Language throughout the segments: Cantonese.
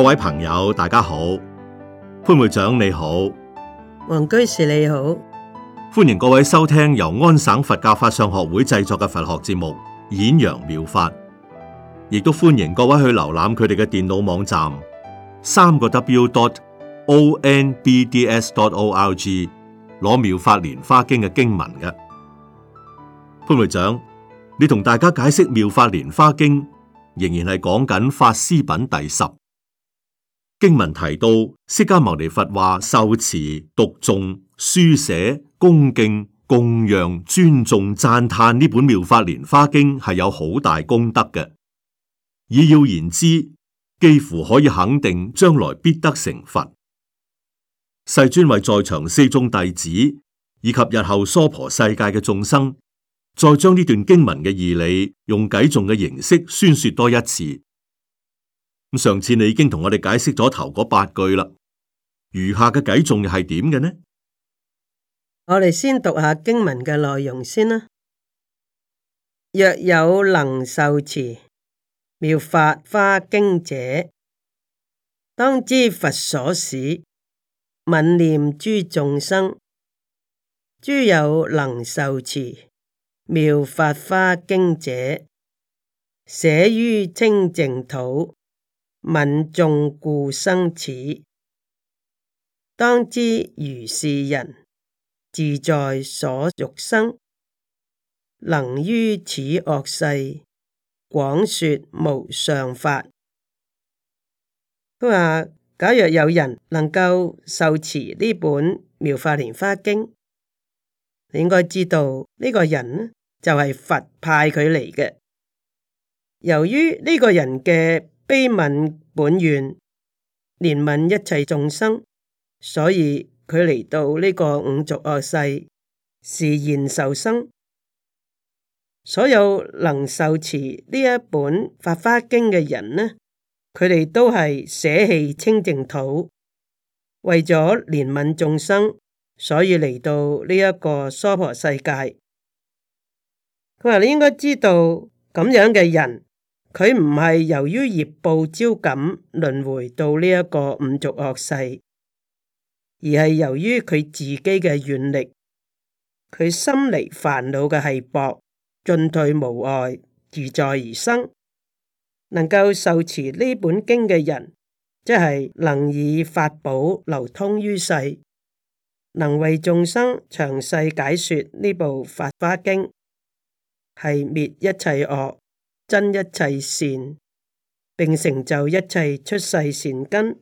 各位朋友，大家好，潘會長你好，王居士你好，歡迎各位收聽由安省佛教法上學會製作嘅佛學節目《演揚妙法》，亦都歡迎各位去瀏覽佢哋嘅電腦網站，三個 w dot o n b d s dot o l g 攞《妙法蓮花經》嘅經文嘅。潘會長，你同大家解釋《妙法蓮花經》，仍然係講緊《法師品》第十。經文提到釋迦牟尼佛話受持讀誦書寫恭敬供養尊重讚嘆呢本妙法蓮花經係有好大功德嘅。以要言之，幾乎可以肯定將來必得成佛。世尊為在場四眾弟子以及日後娑婆世界嘅眾生，再將呢段經文嘅義理用偈頌嘅形式宣說多一次。上次你已經同我哋解釋咗頭嗰八句啦，餘下嘅偈仲又係點嘅呢？我哋先讀下經文嘅內容先啦。若有能受持妙法華經者，當知佛所使，愍念諸眾生。諸有能受持妙法華經者，捨於清淨土。民眾故生此，當知如是人自在所欲生，能於此惡世廣說無上法。佢話：假若有人能夠受持呢本妙法蓮花經，你應該知道呢個人就係佛派佢嚟嘅。由於呢個人嘅。悲憫本願，憐憫一切眾生，所以佢嚟到呢個五濁惡世示現受生。所有能受持呢一本《法華經》嘅人呢，佢哋都係捨棄清淨土，為咗憐憫眾生，所以嚟到呢一個娑婆世界。佢話你應該知道咁樣嘅人。佢唔係由於業報招感輪迴到呢一個五濁惡世，而係由於佢自己嘅願力，佢心離煩惱嘅氣薄，進退無礙，自在而生。能夠受持呢本經嘅人，即係能以法寶流通於世，能為眾生詳細解說呢部法華經，係滅一切惡。真一切善，並成就一切出世善根，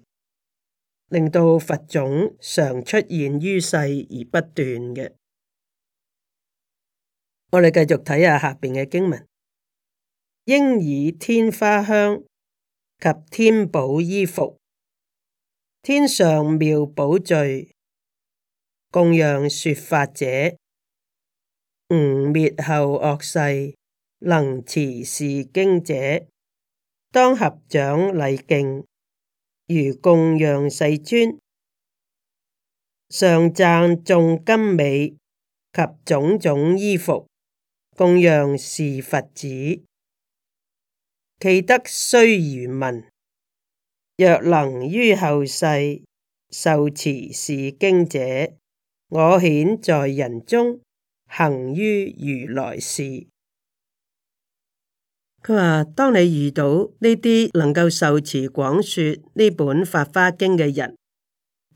令到佛種常出現於世而不斷嘅。我哋繼續睇下下邊嘅經文：應以天花香及天寶衣服、天上妙寶罪，供養說法者，吾滅後惡世。能持是經者，當合掌禮敬，如供養世尊，上饌眾甘美及種種衣服供養是佛子。冀得須臾聞，若能於後世受持是經者，我遣在人中，行於如來事。佢話，當你遇到呢啲能夠受持廣説呢本《法華經》嘅人，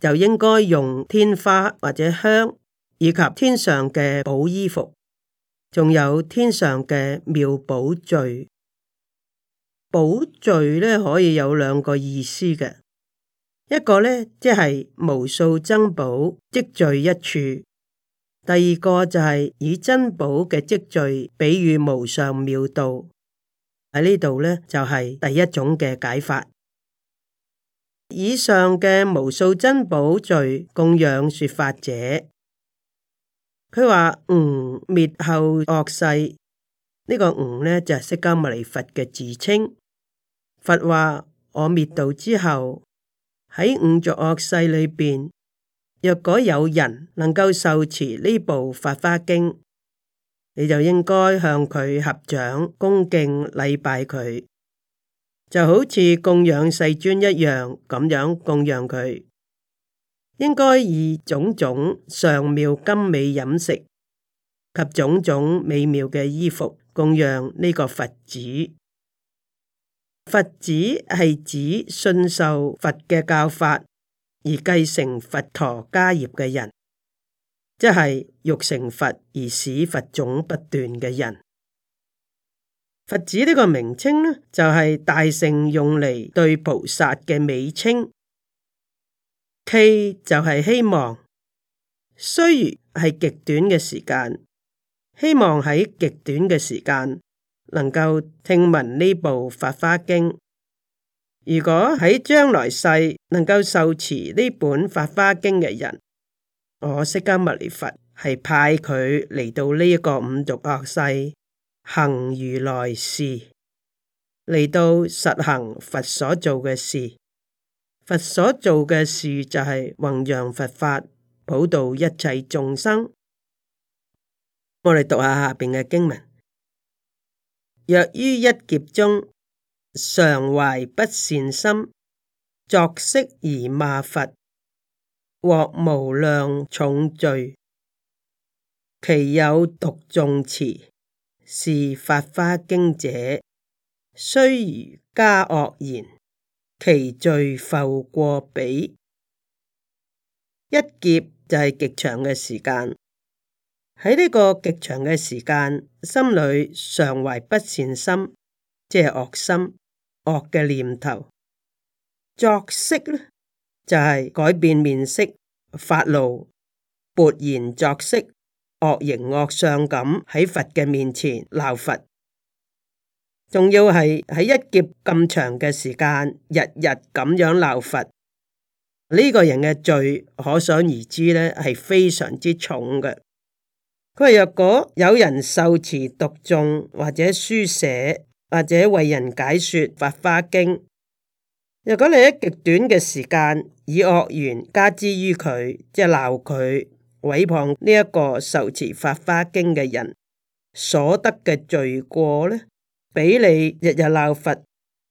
就應該用天花或者香，以及天上嘅寶衣服，仲有天上嘅妙寶聚。寶聚咧可以有兩個意思嘅，一個咧即係無數珍寶積聚一處，第二個就係以珍寶嘅積聚比喻無上妙道。喺呢度咧，就係、是、第一種嘅解法。以上嘅無數珍寶聚，供養說法者，佢話吾滅後惡世，呢、這個吾、嗯、呢，就係釋迦牟尼佛嘅自稱。佛話我滅度之後，喺五濁惡世裏邊，若果有人能夠受持呢部《法華經》。你就應該向佢合掌恭敬禮拜佢，就好似供養世尊一樣咁樣供養佢。應該以種種上妙甘美飲食及種種美妙嘅衣服供養呢個佛子。佛子係指信受佛嘅教法而繼承佛陀家業嘅人。即係欲成佛而使佛種不斷嘅人，佛子呢個名稱呢，就係大聖用嚟對菩薩嘅美稱。祈就係希望，雖然係極短嘅時間，希望喺極短嘅時間能夠聽聞呢部《法華經》。如果喺將來世能夠受持呢本《法華經》嘅人。我釋迦牟尼佛係派佢嚟到呢一個五濁惡世行如來事，嚟到實行佛所做嘅事。佛所做嘅事就係弘揚佛法，普度一切眾生。我哋讀下下邊嘅經文：若於一劫中常懷不善心，作色而罵佛。獲無量重罪，其有讀誦持是法華經者，須臾加惡言，其罪復過彼。一劫就係極長嘅時間，喺呢個極長嘅時間，心裏常懷不善心，即係惡心、惡嘅念頭，作息就係改變面色，發怒，勃然作色，惡形惡相咁喺佛嘅面前鬧佛，仲要係喺一劫咁長嘅時間日日咁樣鬧佛，呢、這個人嘅罪可想而知咧，係非常之重嘅。佢話若果有人受持讀誦或者書寫或者為人解說《法華經》。如果你喺極短嘅時間以惡言加之於佢，即係鬧佢毀謗呢一個受持《法華經》嘅人所得嘅罪過咧，比你日日鬧佛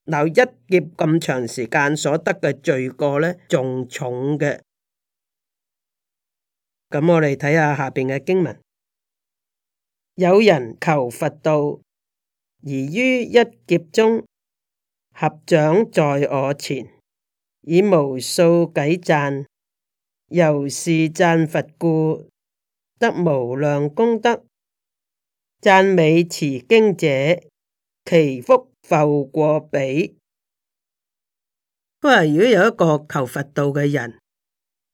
鬧一劫咁長時間所得嘅罪過咧仲重嘅。咁我哋睇下下邊嘅經文，有人求佛道，而於一劫中，合掌在我前，以無數偈讚，由是讚佛故，得無量功德。讚美持經者，其福復過彼。不過如果有一個求佛道嘅人，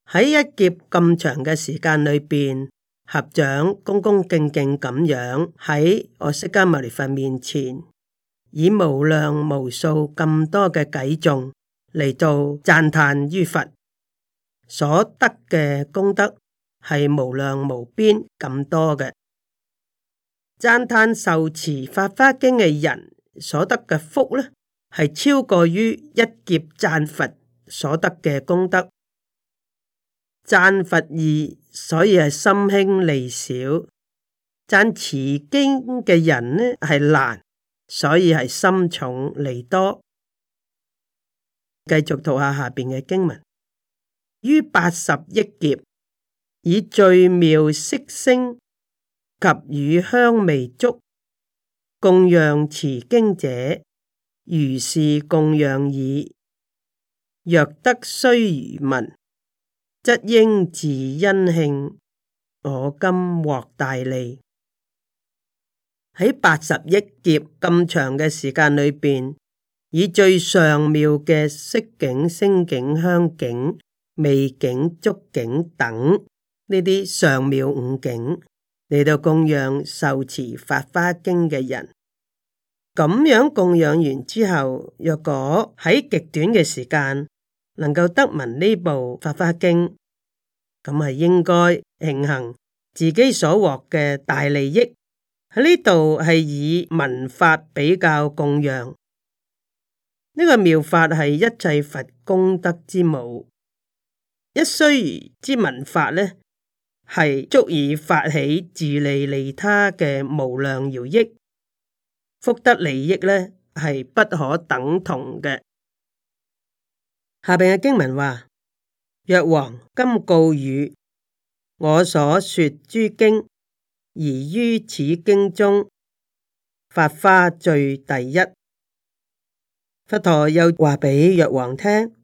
喺一劫咁長嘅時間裏邊，合掌恭恭敬敬咁樣喺我釋迦牟尼佛面前。以無量無數咁多嘅偈頌嚟做讚嘆於佛所得嘅功德係無量無邊咁多嘅。贊歎受持法花經嘅人所得嘅福呢，係超過於一劫贊佛所得嘅功德。贊佛易，所以係心輕利少，贊持經嘅人呢，係難。所以係心重利多，繼續讀下下邊嘅經文。於八十億劫以最妙色聲及與香味足供養持經者，如是供養已，若得須如聞，則應自恩慶。我今獲大利。喺八十億劫咁長嘅時間裏邊，以最上妙嘅色境、聲境、香境、味境、觸境等呢啲上妙五境嚟到供養受持《法華經》嘅人，咁樣供養完之後，若果喺極短嘅時間能夠得聞呢部《法華經》，咁係應該慶幸自己所獲嘅大利益。喺呢度係以文法比較供養，呢、這個妙法係一切佛功德之母。一須之文法咧，係足以發起自利利他嘅無量饒益福德利益咧，係不可等同嘅。下邊嘅經文話：藥王今告汝，我所說諸經。而於此經中，法花最第一。佛陀又話畀藥王聽，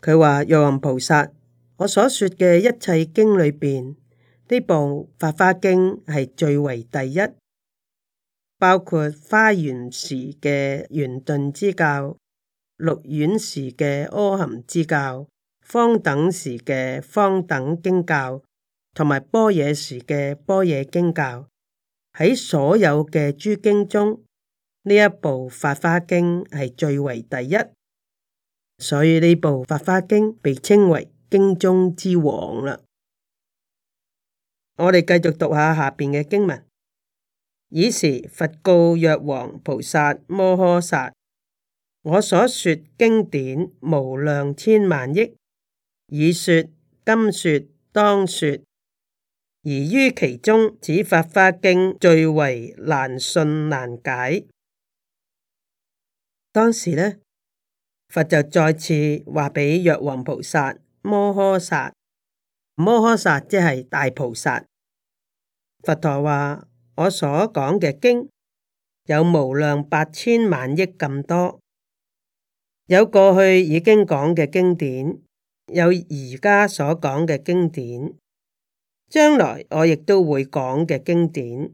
佢話藥王菩薩，我所說嘅一切經裏邊，呢部《法花經》係最為第一，包括華嚴時嘅圓頓之教，鹿苑時嘅阿含之教，方等時嘅方等經教。同埋般若時嘅般若經教，喺所有嘅諸經中，呢一部法華經係最為第一，所以呢部法華經被稱為經中之王啦。我哋繼續讀下下邊嘅經文。爾時佛告藥王菩薩摩訶薩：我所說經典無量千萬億，已說、今說、當說。而於其中，此法華經最為難信難解。當時呢，佛就再次話畀藥王菩薩、摩訶薩、摩訶薩即係大菩薩。佛陀話：我所講嘅經有無量八千萬億咁多，有過去已經講嘅經典，有而家所講嘅經典。將來我亦都會講嘅經典，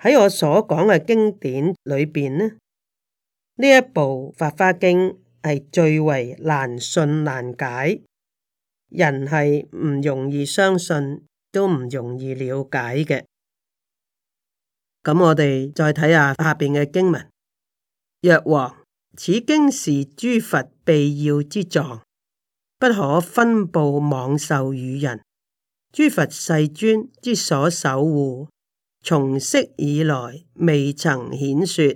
喺我所講嘅經典裏邊呢，呢一部《法華經》係最為難信難解，人係唔容易相信，都唔容易了解嘅。咁我哋再睇下下邊嘅經文：藥王，此經是諸佛祕要之狀，不可分布妄授與人。諸佛世尊，尊之所守護，從昔以來未曾顯說，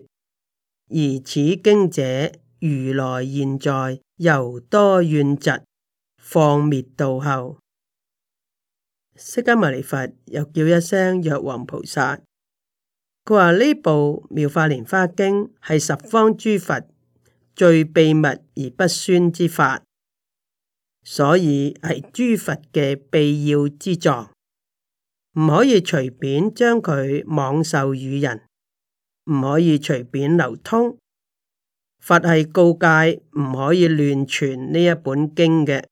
而此經者，如來現在猶多怨疾，放滅道後，釋迦牟尼佛又叫一聲，藥王菩薩，佢話呢部妙法蓮花經係十方諸佛最秘密而不宣之法。所以係諸佛嘅秘要之藏，唔可以隨便將佢妄授與人，唔可以隨便流通。佛係告誡唔可以亂傳呢一本經嘅。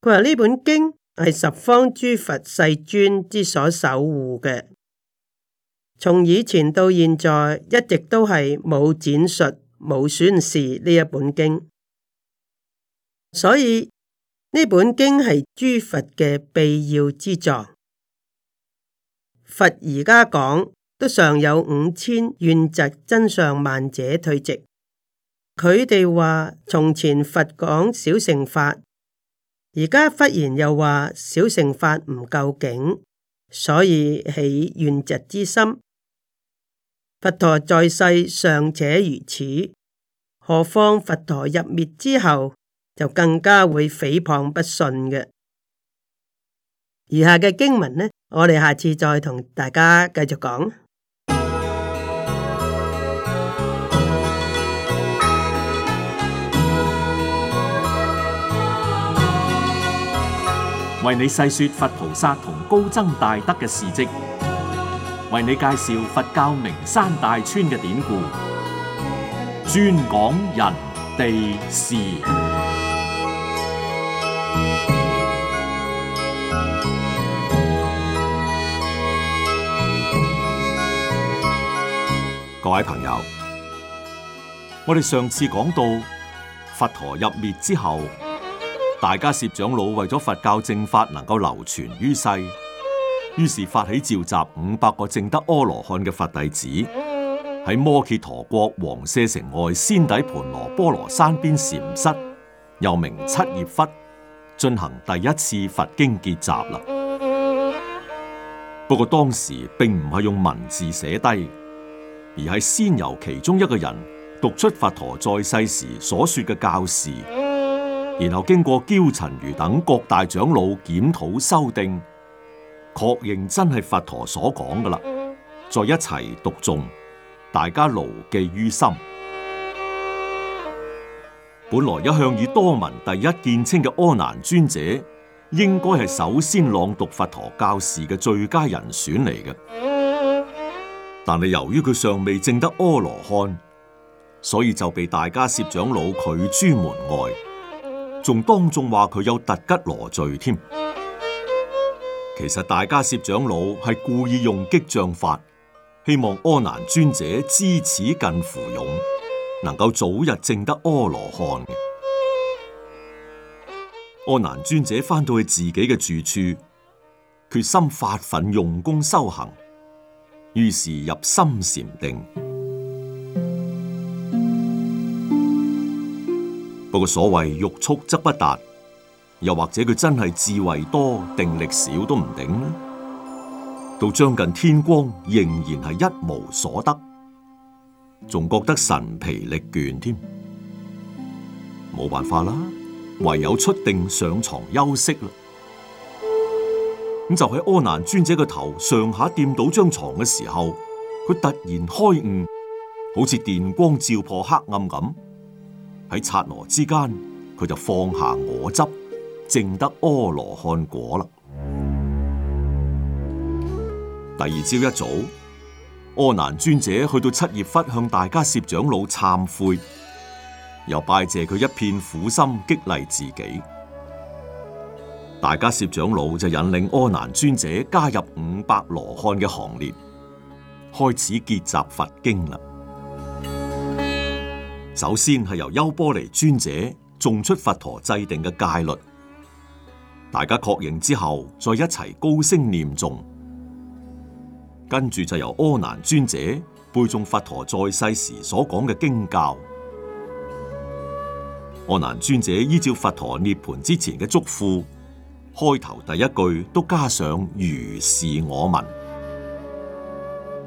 佢話呢本經係十方諸佛世尊之所守護嘅，從以前到現在一直都係冇展述、冇宣示呢一本經。所以呢本經係諸佛嘅秘要之藏。佛而家講都尚有五千怨嫉增上慢者退席，佢哋話從前佛講小乘法，而家忽然又話小乘法唔夠勁，所以起怨嫉之心。佛陀在世尚且如此，何況佛陀入滅之後？就更加會誹謗不信嘅。以下嘅經文呢，我哋下次再同大家繼續講。為你細說佛菩薩同高僧大德嘅事跡，為你介紹佛教名山大川嘅典故，專講人地事。各位朋友，我哋上次講到佛陀入滅之後，大迦葉長老為咗佛教正法能夠流傳於世，於是發起召集五百個證得阿羅漢嘅佛弟子，喺摩揭陀國王舍城外仙底盤羅波羅山邊禪室，又名七葉窟，進行第一次佛經結集啦。不過當時並唔係用文字寫低。而係先由其中一個人讀出佛陀在世時所說嘅教示，然後經過憍陳如等各大長老檢討修訂，確認真係佛陀所講嘅啦，再一齊讀誦，大家牢記於心。本來一向以多聞第一見稱嘅阿難尊者，應該係首先朗讀佛陀教示嘅最佳人選嚟嘅。但係由於佢尚未證得阿羅漢，所以就被大迦葉長老拒諸門外，仲當眾話佢有突吉羅罪添。其實大迦葉長老係故意用激將法，希望阿難尊者知恥近乎勇，能夠早日證得阿羅漢。阿難尊者翻到去自己嘅住處，決心發奮用功修行。於是入深禪定。不過所謂欲速則不達，又或者佢真係智慧多，定力少都唔定。到將近天光，仍然係一無所得，仲覺得神疲力倦添。冇辦法啦，唯有出定上床休息啦。咁就喺阿難尊者個頭上下掂到張床嘅時候，佢突然開悟，好似電光照破黑暗咁。喺剎那之間，佢就放下我執，證得阿羅漢果啦。第二朝一早，阿難尊者去到七葉窟向大迦葉長老懺悔，又拜謝佢一片苦心激勵自己。大家攝長老就引領阿難尊者加入五百羅漢嘅行列，開始結集佛經啦。首先係由優波離尊者誦出佛陀制定嘅戒律，大家確認之後再一齊高聲念誦。跟住就由阿難尊者背誦佛陀在世時所講嘅經教。阿難尊者依照佛陀涅槃之前嘅囑咐。開頭第一句都加上如是我聞，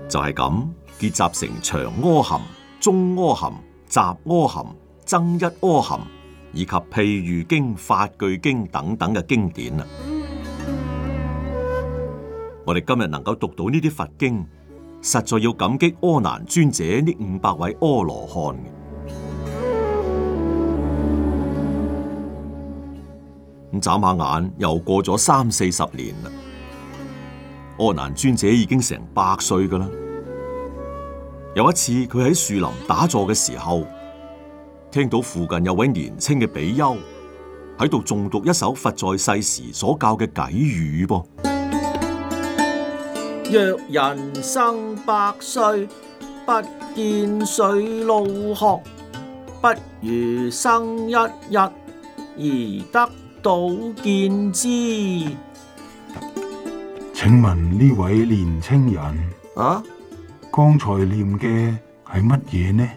就係咁結集成長阿含、中阿含、雜阿含、增一阿含以及譬喻經、法句經等等嘅經典。 我哋今日能夠讀到呢啲佛經，實在要感激阿難尊者呢五百位阿羅漢。咁眨下眼，又過咗三四十年啦。阿難尊者已經成百歲噶啦。有一次，佢喺樹林打坐嘅時候，聽到附近有位年青嘅比丘喺度誦讀一首佛在世時所教嘅偈語噃。若人生百歲，不見水路鶴，不如生一日而得。道見之，請問呢位年青人啊，剛才念嘅係乜嘢呢？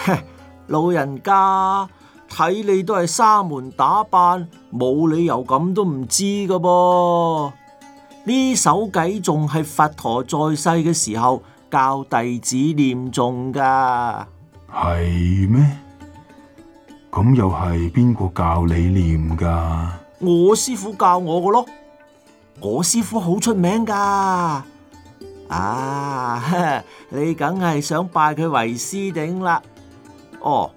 老人家睇你都係沙門打扮，冇理由咁都唔知噶噃。呢首偈仲係佛陀在世嘅時候教弟子念誦噶，係咩？咁又係邊個教你念噶？我師傅教我嘅咯，我師傅好出名噶，啊！你梗係想拜佢為師頂啦。哦，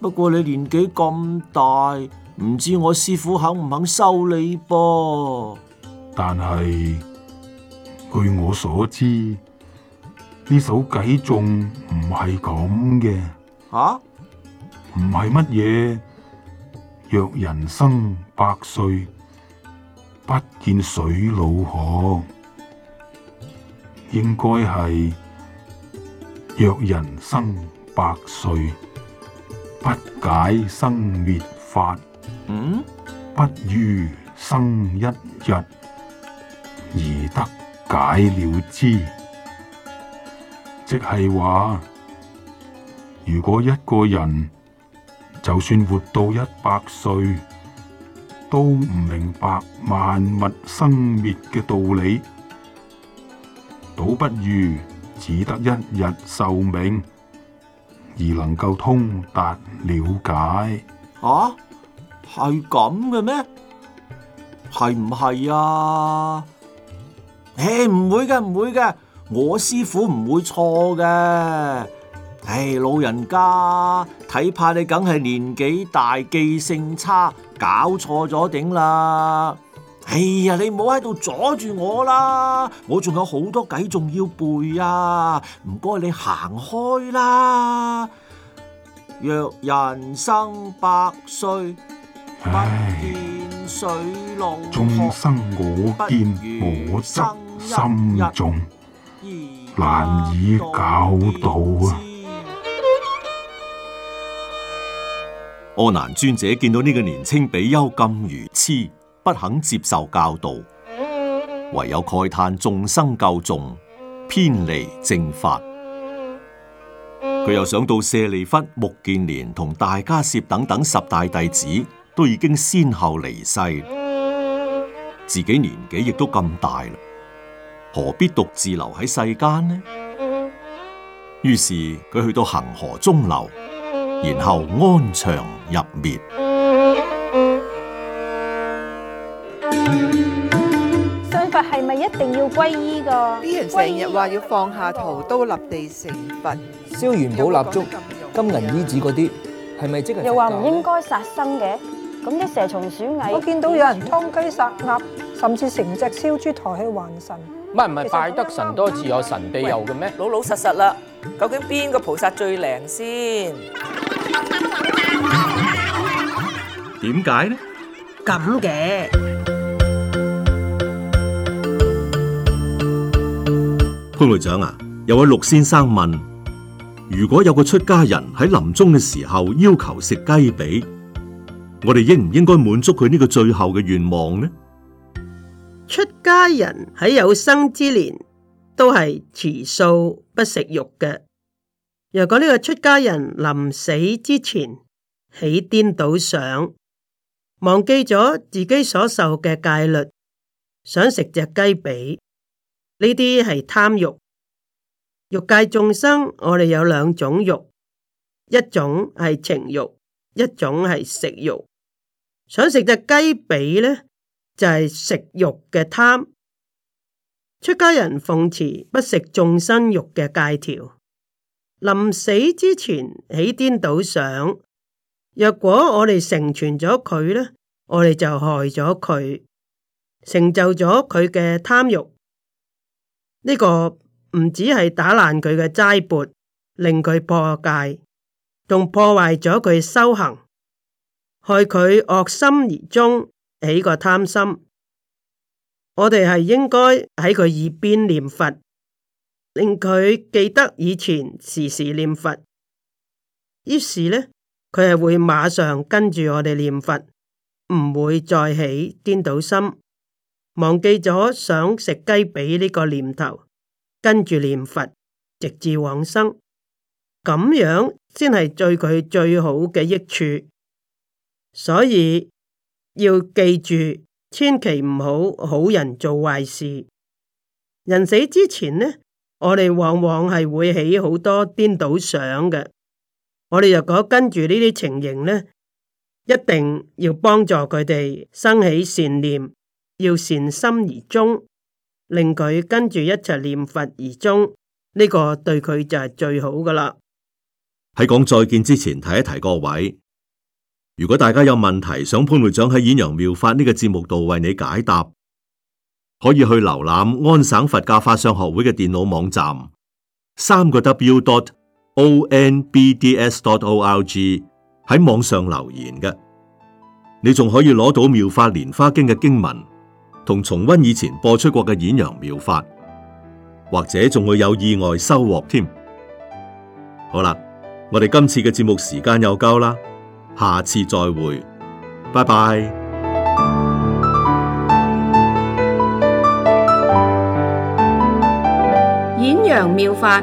不過你年紀咁大，唔知我師傅肯唔肯收你噃？但係據我所知，呢首偈仲唔係咁嘅吓？唔係乜嘢，若人生百歲，不見水老鶴，應該係若人生百歲，不解生滅法，不如生一日而得解了之。即係話，如果一個人。就算活到一百歲，都唔明白萬物生滅嘅道理，倒不如只得一日壽命，而能夠通達了解。吓，係咁嘅咩？係唔係啊？誒，唔會嘅，唔會嘅，我師傅唔會錯嘅。唉、哎，老人家睇怕你梗係年紀大，記性差，搞錯咗頂啦。哎呀，你唔好喺度阻住我啦，我仲有好多偈仲要背啊！唔該你行開啦。若人生百歲，唉不見水老鶴，眾生我見我執心中難以搞到。啊！阿難尊者見到呢個年青比丘咁愚痴，不肯接受教導，唯有慨嘆眾生救重偏離正法。佢又想到舍利弗、目犍連同大迦葉等等十大弟子都已經先後離世，自己年紀亦都咁大啦，何必獨自留喺世間呢？於是佢去到恒河中流，然後安詳入滅。信佛係咪一定要皈依噶？啲人成日話要放下屠刀立地成佛，燒元寶蠟燭、金銀衣紙嗰啲，係咪即係？又話唔應該殺生嘅，咁啲蛇蟲鼠蟻，我見到有人劏雞殺鴨，甚至成隻燒豬抬去還神，唔係唔係拜得神多自有神庇佑嘅咩？老老實實啦，究竟邊個菩薩最靈先？點解呢？咁嘅潘會長啊，有位陸先生問：如果有個出家人喺臨終嘅時候要求食雞髀，我哋應唔應該滿足佢呢個最後嘅願望呢？出家人喺有生之年都係持素不食肉嘅。若果呢個出家人臨死之前起顛倒想，忘記咗自己所受嘅戒律，想食隻雞髀，呢啲係貪欲。欲界眾生，我哋有兩種欲，一種係情欲，一種係食欲。想吃隻雞腿，就是，食隻雞髀呢就係食欲嘅貪。出家人奉持不食眾生肉嘅戒條，臨死之前起顛倒想。若果我哋成全咗佢呢，我哋就害咗佢，成就咗佢嘅貪欲。呢、這個唔只係打爛佢嘅齋缽，令佢破戒，仲破壞咗佢修行，害佢惡心而終起個貪心。我哋係應該喺佢耳邊念佛，令佢記得以前時時念佛。於是呢。佢係會馬上跟住我哋念佛，唔會再起顛倒心，忘記咗想食雞髀呢個念頭，跟住念佛直至往生，咁樣先係對佢最好嘅益處。所以要記住，千祈唔好好人做壞事。人死之前呢，我哋往往係會起好多顛倒想嘅。我哋若果跟住呢啲情形咧，一定要幫助佢哋生起善念，要善心而終，令佢跟住一齊念佛而終，呢、這個對佢就係最好噶啦。喺講再見之前，提一提各位，如果大家有問題想潘會長喺《演揚妙法》呢、這個節目度為你解答，可以去瀏覽安省佛教法相學會嘅電腦網站，三個 W dot。ONBDS.Org，喺網上留言嘅。你仲可以攞到妙法蓮華經嘅經文，同重温以前播出過嘅演陽妙法，或者仲會有意外收穫添。好啦，我哋今次嘅節目時間又夠啦，下次再會，拜拜。演陽妙法，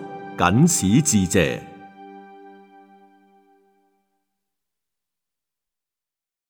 僅此致謝。